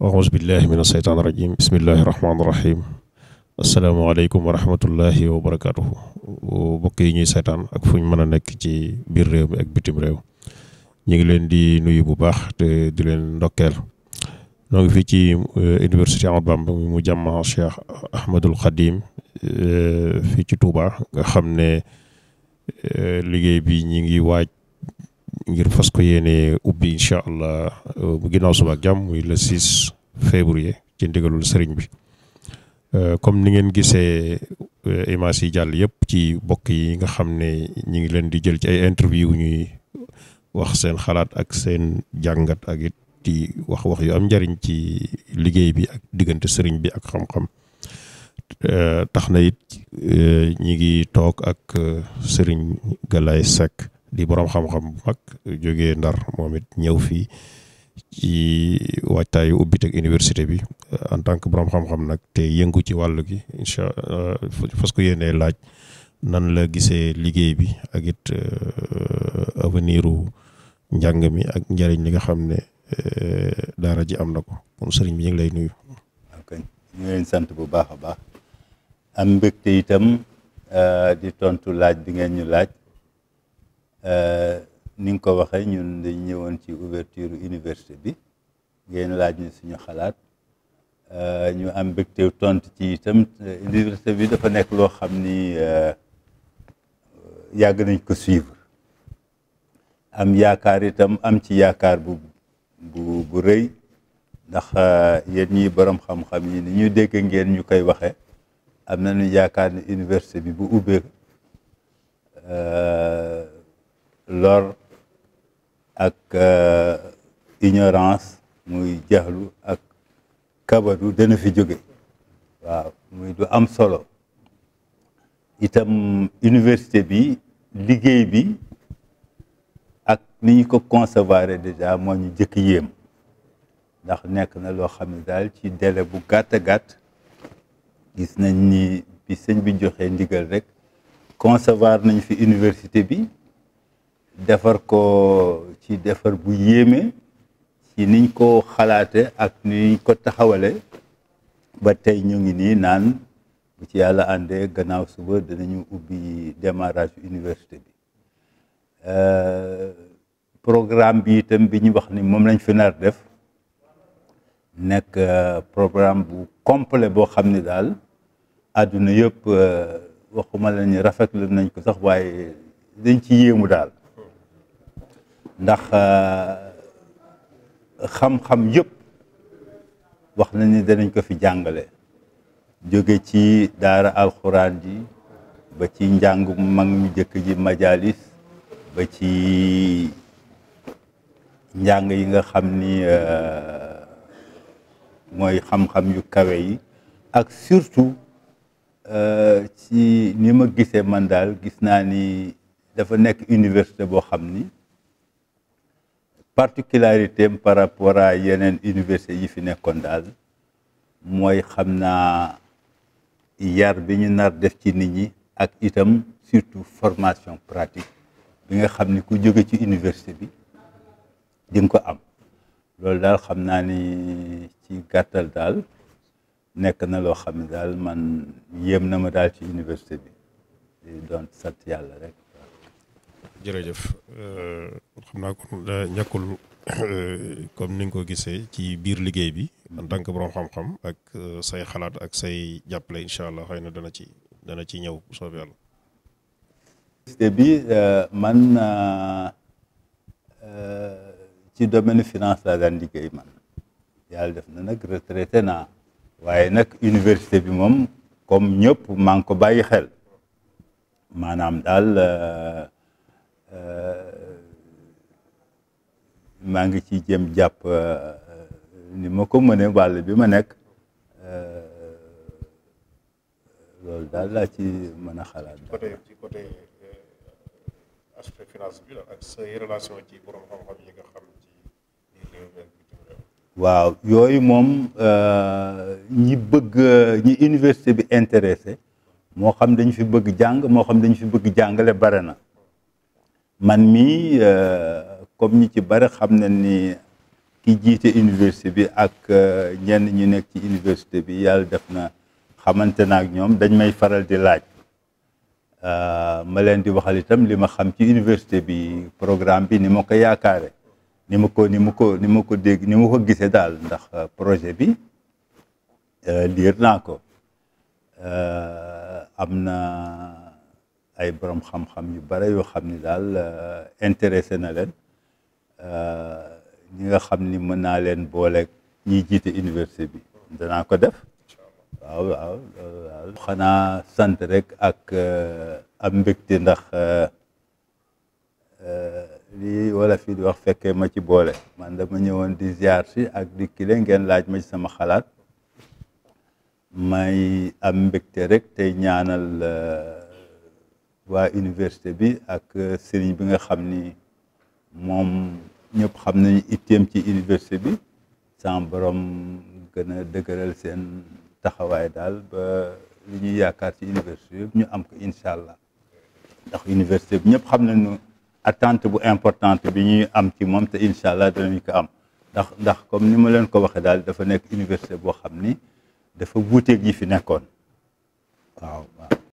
auzu billahi min asheytaan irajim bismillahi rahmaan irahim asalaamaaleykum wa rahmatullahi wa barakatuhu mbokk yi ñuy seetaan ak fu ñu mën a nekk ci biir réew mi ak bitim réew ñu ngi leen di nuyu bu baax te di leen ndokkeel noo ngi fii ci euh, université Ahmadou Bamba mu jàmma Cheikh Ahmadul Xadim euh, fii ci Touba nga xam ne euh, liggéey bi ñi ngi waaj ngir fas ko yéene ubbi incha allah euh, bu ginnaaw suba ak jàmm muy le 6 février ci ndigalul sëriñ bi euh, comme ni ngeen gisee euh, image yi jàll yëpp ci bokk yi nga xam ne ñu ngi leen di jël ci ay interview ñuy wax seen xalaat ak seen jàngat ak it wax wax yu am njariñ ci liggéey bi ak diggante sëriñ bi ak xam-xam tax na it ñi ngi toog ak sëriñ Galaye Seck di borom xam-xam mag jógee ndar moom it ñëw fii ci waajtaayu ubbiteg université bi en tant que borom xam-xam nag te yëngu ci wàll gi incha euh, fas ko yéenee laaj nan la gisee liggéey bi ak it euh, avenir u njàng mi ak njëriñ li nga xam ne euh, daara ji am na ko moom sëriñ bi ñu lay nuyu. ñu ngi sant bu baax a baax am mbégte itam di tontu laaj bi ngeen ñu laaj. Euh, ni nga ko waxee ñun dañ ñëwoon ci ouverture université bi ngeen laaj ñu suñu xalaat euh, ñu am mbégte tontu ci itam euh, université bi dafa nekk loo xam ni yàgg nañ ko suivre am yaakaar itam am ci yaakaar bu bu bu rëy ndax yéen ñi borom xam-xam yi ni ñu dégg ngeen ñu koy waxee am na nañu yaakaar ne université bi bu ubbee lor ak euh, ignorance muy jaxlu ak kabadu dana fi jóge waaw muy du am solo itam université bi liggéey bi ak ni ñu ko concevoir déjà moo ñu jëkk yéem ndax nekk na loo xam ne daal ci délai bu gàtt gàtt gis nañ ni bi sëñ bi joxee ndigal rek concevoir nañ fi université bi defar ko ci defar bu yéeme ci niñ ko xalaate ak niñ ko taxawale ba tey ñu ngi nii naan bu ci yàlla àndee gannaaw suba dinañu ubbi démarrage université bi euh, programme bi itam bi ñu wax ni moom lañ fi nar def nekk euh, programme bu complet boo xam ni daal àdduna yëpp euh, waxuma la ni rafetlu nañ ko sax waaye dañ ci yéemu daal ndax euh, xam-xam yëpp wax na ni danañ ko fi jàngale jóge ci daara alxuraan ji ba ci njàng mag mi jëkk ji majalis ba ci njàng yi nga xam ni euh, mooy xam-xam yu kawe yi ak surtout euh, ci ni ma gisee man daal gis naa ni dafa nekk université boo xam ni particularité par rapport à yeneen université yi fi nekkoon daal mooy xam naa yar bi ñu nar def ci nit ñi ak itam surtout formation pratique bi nga xam ni ku jóge ci université bi di nga ko am loolu daal xam naa ni ci gàttal daal nekk na loo xam ne daal man yéem na ma daal ci université bi di doon sant yàlla rek jërëjëf euh, xam naa kon euh, ñàkkul euh, comme ni nga ko gisee ci biir liggéey bi en tant que borom xam-xam ak say xalaat ak say jàppale incha allah xëy dana ci dana ci ñëw soobee yàlla. université bi man ci domaine finance laa daan liggéey man yàlla def na nag retraité naa waaye nag université bi moom comme ñëpp maa ko bàyyi xel maanaam daal. Euh, maa ngi ci jëm jàpp euh, euh, ni ma ko mënee wàll bi ma nekk loolu daal laa ci mën a xalaat. côté ci côté aspect finance sa relation ci borom waaw yooyu moom ñi bëgg ñi université bi intéressé moo xam dañu fi bëgg jàng moo xam dañu fi bëgg jàngale bare na. man mi euh, comme ñi ci bari xam na ni ki jiite université bi ak euh, ñenn ñu nekk ci université bi yàlla def na xamante na ak ñoom dañ may faral di laaj euh, ma leen di waxal itam li ma xam ci université bi programme bi ni ma ko yaakaare ni ma ko ni ma ko ni ma ko dégg ni ma ko gisee daal ndax projet bi liir naa ko am na ay boroom xam-xam yu bare yoo xam ni daal euh, intéressé na leen euh, ñi nga xam ni mën naa leen booleeg ñi jiite université bi danaa ko def waaw waaw xanaa sant rek ak euh, am mbégte ndax lii wala fii di wax fekkee ma ci boole man dama ñëwoon di ziar si ak di kile ngeen laaj ma ci sama xalaat may am mbégte rek tey ñaanal waa université bi ak euh, sëriñ bi nga xam ni moom ñëpp xam nañu itteem ci université bi sans borom gën a dëgëral seen taxawaay daal ba li ñuy yaakaar ci université bi ñu am ko incha allah ndax université bi ñëpp xam nañu attente bu importante bi ñuy am ci moom te incha allah danañ ko am ndax ndax comme ni ma leen ko waxee daal dafa nekk université boo xam ni dafa wuuteeg yi fi nekkoon waaw